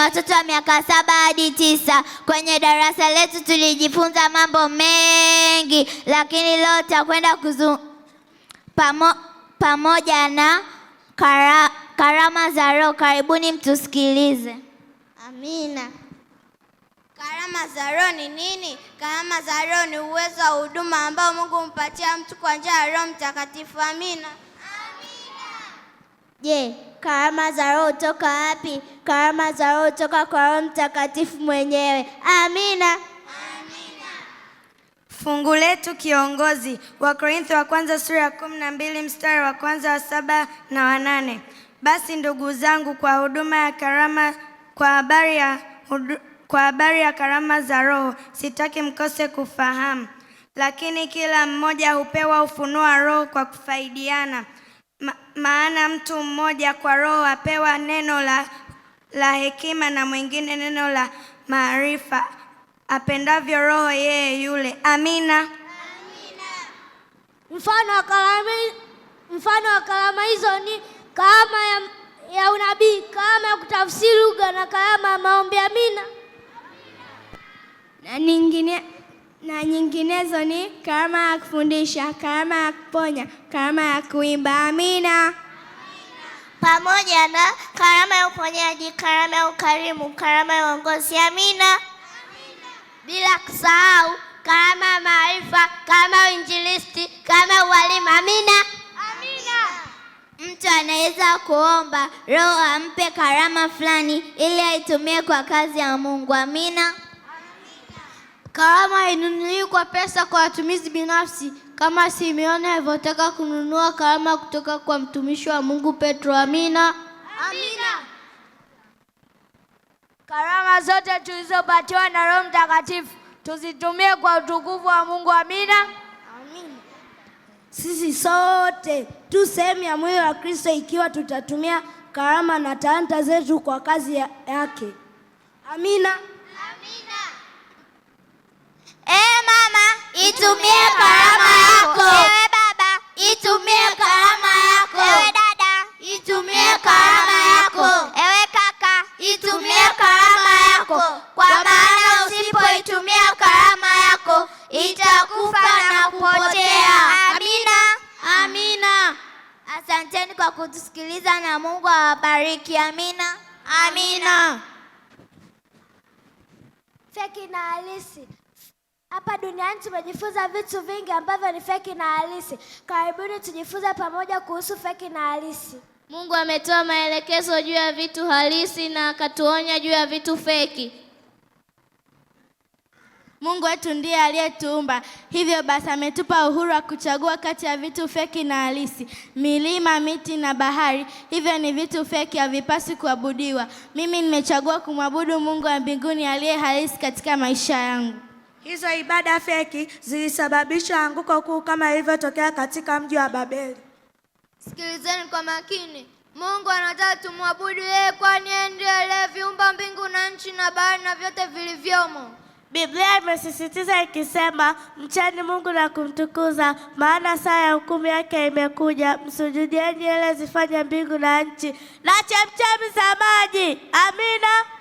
watoto wa miaka saba hadi tisa. Kwenye darasa letu tulijifunza mambo mengi, lakini leo takwenda kuzu pamo, pamoja na kara, karama za Roho. Karibuni mtusikilize. Amina. Karama za Roho ni nini? Karama za Roho ni uwezo wa huduma ambao Mungu humpatia mtu kwa njia ya Roho Mtakatifu. Amina. Je, karama za Roho toka wapi? Karama za Roho toka kwa Roho Mtakatifu mwenyewe. Amina. Fungu letu kiongozi, Wakorintho wa kwanza sura ya kumi na mbili mstari wa kwanza wa saba na wanane. Basi ndugu zangu, kwa huduma ya karama, kwa habari ya, kwa habari ya karama za Roho sitaki mkose kufahamu, lakini kila mmoja hupewa ufunuo wa Roho kwa kufaidiana Ma, maana mtu mmoja kwa Roho apewa neno la, la hekima na mwingine neno la maarifa apendavyo Roho yeye yule. Amina, amina. Mfano wa kalama, mfano wa kalama hizo ni kalama ya, ya unabii, kalama ya kutafsiri lugha na kalama ya maombi. Amina, amina. na nyingine na nyinginezo ni karama ya kufundisha, karama ya kuponya, karama ya kuimba. Amina. Pamoja na karama ya uponyaji, karama ya ukarimu, karama ya uongozi. Amina. Bila kusahau karama ya maarifa, karama ya uinjilisti, karama ya ualimu. Amina. Mtu anaweza kuomba Roho ampe karama fulani ili aitumie kwa kazi ya Mungu. Amina. Karama inunuliwa pesa kwa watumizi binafsi, kama Simeoni alivyotaka kununua karama kutoka kwa mtumishi wa Mungu Petro. Amina, amina. Karama zote tulizopatiwa na Roho Mtakatifu tuzitumie kwa utukufu wa Mungu. Amina, amina. Sisi sote tu sehemu ya mwili wa Kristo ikiwa tutatumia karama na talanta zetu kwa kazi yake. Amina, amina. Itumie karama yako. Ewe baba, itumie karama yako. Ewe dada, itumie karama yako. Ewe kaka, itumie karama yako, kwa maana usipoitumia karama yako itakufa na kupotea. Amina, amina. Asanteni kwa kutusikiliza na Mungu awabariki. Amina, amina. Feki na halisi. Hapa duniani tumejifunza vitu vingi ambavyo ni feki na halisi. Karibuni tujifunze pamoja kuhusu feki na halisi. Mungu ametoa maelekezo juu ya vitu halisi na akatuonya juu ya vitu feki. Mungu wetu ndiye aliyetuumba, hivyo basi ametupa uhuru wa kuchagua kati ya vitu feki na halisi. Milima, miti na bahari, hivyo ni vitu feki, havipaswi kuabudiwa. Mimi nimechagua kumwabudu Mungu wa mbinguni aliye halisi katika maisha yangu. Hizo ibada feki zilisababisha anguko kuu kama ilivyotokea katika mji wa Babeli. Sikilizeni kwa makini. Mungu anataka tumwabudu yeye, kwani yeye ndiye aliyeviumba mbingu na nchi na bahari na vyote vilivyomo. Biblia imesisitiza ikisema, mcheni Mungu na kumtukuza, maana saa ya hukumu yake imekuja. Msujudieni yeye, zifanya mbingu na nchi na chemchemi za maji. Amina.